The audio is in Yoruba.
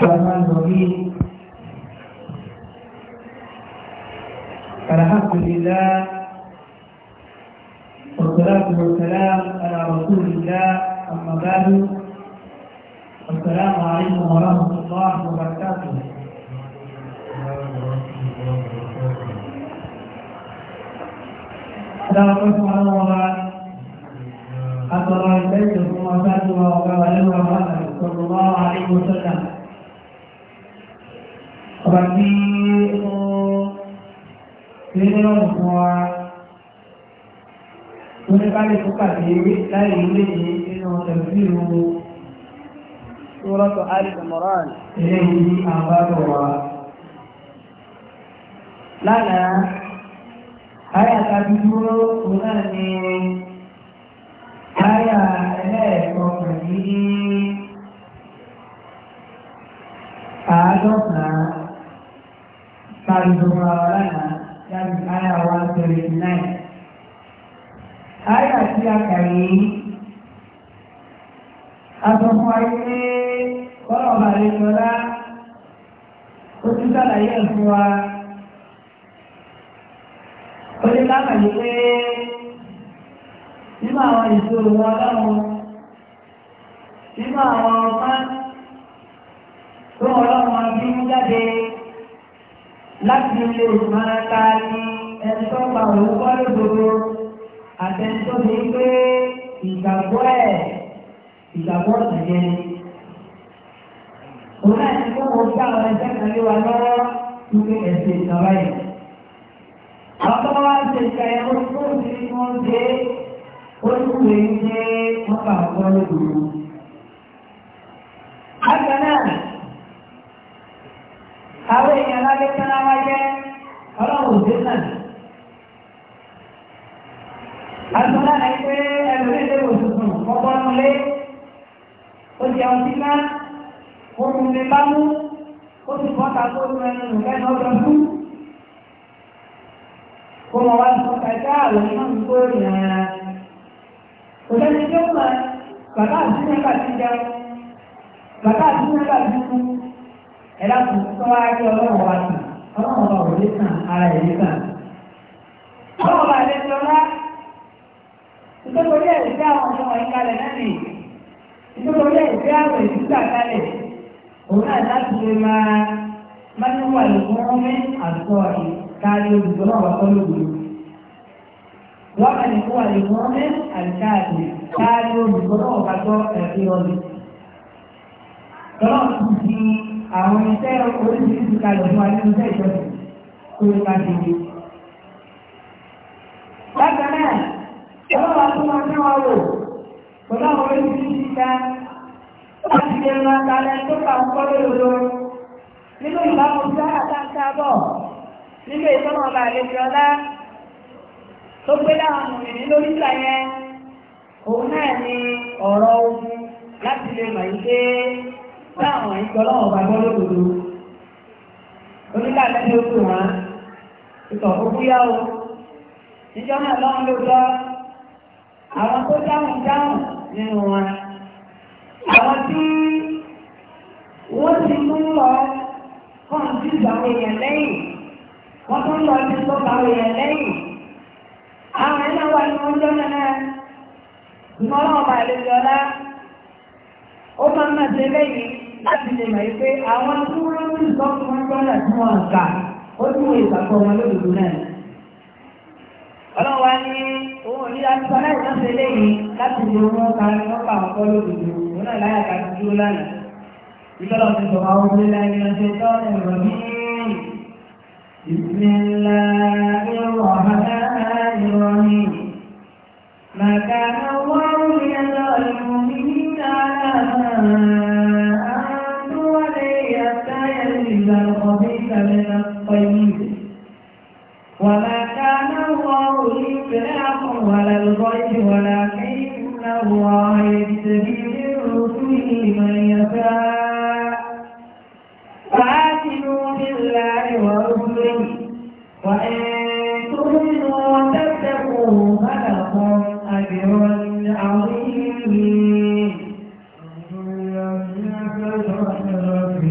كما نريد الحمد لله والصلاة والسلام على رسول الله أما بعد السلام عليكم ورحمة الله وبركاته السلام عليكم ورحمة الله وبركاته حتى الله يسلمكم وأسعدكم وأبقى صلى الله عليه وسلم ọba tí ó ṣe ní ọ̀nà fún wa tó ní ká lè fún kàdé láì ilé yìí nínú ẹ̀sìn ìlú Sọ́rọ́tọ̀ Alìsàmọ́rán. Ilé yìí àbábọ̀ wa. Lánàá, ayàtà dúdúró òun náà ni ayàtà ìdúnra wa láti àyà one twenty nine. Àyà tí a kà yìí, a sọ fún ó ti sàlàyé ẹ̀ wa. Ó ní lábàá yìí pé nínú àwọn ìṣòro wa lọ́wọ́ àwọn ọmọ tó ọlọ́run bí jáde. láti lè máa ta ní ẹni tó pa òun kọ́ lódodo àtẹni tó ní pé ìgbàgbọ́ ẹ̀ ìgbàgbọ́ ọ̀sẹ̀yẹ ni. òun náà ti kó wọn gbá àwọn ẹgbẹ́ kan lé wa lọ́wọ́ wípé ẹ̀sìn ìjọba yìí. àwọn tó ń ṣe ìka ẹ̀rọ tó ń ṣe ó ń wé ń ṣe wọ́n pa òun kọ́ lódodo. àwọn èèyàn lábẹ́ tẹ́lá wá jẹ́ ọlọ́run òde náà. Àtúndà ní pé ẹlòmíì lè wò tuntun ọgbọ́n nulé. Ó jẹ ọtí ká, ó mú mi bá mú, ó sì bọ́ ta kó lu ẹnu lẹ́nu ọjọ́ fún. Kó mọ wá sọ kàjá àwọn iná mi kó rìn ara. Kò sẹ́ni tó mọ̀ bàbá àti nígbà tí jẹun, bàbá àti nígbà tí kú ẹ̀dá tó tó wá kí ọlọ́run wá sí ọlọ́run wá òde sàn ara ẹ̀ ní sàn. ọlọ́run bá lè sọ wá ìtòkòrí ẹ̀ sí àwọn ọmọ wọ̀nyí kalẹ̀ náà nì ìtòkòrí ẹ̀ sí àwọn ìdúgbà kalẹ̀ òun náà láti lè máa mánúwà lọ́mọ́mí àtọ́ ìkárí olùdó náà wà tọ́lọ́gbòdò wọ́n máa nìkúwà lọ́mọ́mí àtìkáàdì kárí olùdó náà wà tọ́ ẹ̀fí ọdún àwọn iṣẹ́ oríṣiríṣi kalẹ̀ fún alẹ́nu iṣẹ́ ìjọsìn tó ń bá ti di. Bákan náà, ọlọ́wà tó máa ń wá wò, pẹ̀lú àwọn oríṣiríṣi ká, láti lè máa kalẹ̀ tó kà ń kọ́ lóòrò. Nínú ìbámu sí àtàkà bọ̀, nínú ìtọ́nà ọba àlejò ọlá, tó gbé láwọn mùmìnì lórí ìgbà yẹn, òun náà ni ọ̀rọ̀ ogun láti lè mọ̀ táwọn ìjọ ọba bá gbọ́ lódodo oníkàlẹ́ ní ụtọ wọn ìtọ̀ òkúyá o níjọ́ náà lọ́wọ́ ló àwọn tó dáhùn dáhùn nínú wọn àwọn tí wọ́n ti mú lọ kàn sí ìgbàwọ̀ èèyàn lẹ́yìn wọ́n tún lọ sí ìgbàwọ̀ èèyàn lẹ́yìn àwọn iná wà ní wọ́n jọ́ náà ìmọ̀ràn ọba àlejò ọlá ó máa ń máa ṣe lẹ́yìn láti lè mọ̀ pé àwọn tí wọ́n ń sọ fún wọn gbọ́dọ̀ tí wọ́n ń kà ó tún wọ ìgbàgbọ́ wọn lódodo náà. ọlọ́wà ní òun ní aṣọ aláìsàn ṣe léyìn láti lè wọ́n ka ní wọ́n kà wọ́n kọ́ lódodo òun náà láyà ká ti dúró lánàá. ìtọ́lọ̀ ti sọ àwọn ọmọ ilé ayé ọ̀sẹ̀ tó ẹ̀rọ ní bismillahi rahmani rahim ما كان الله ليذر المؤمنين على ما ربك من الطيب وما كان الله ليطلعكم ولا الغيب ولكن الله يجتبي من رسله من يشاء فآمنوا بالله ورسله وإن تؤمنوا وتتقوا فلكم أجر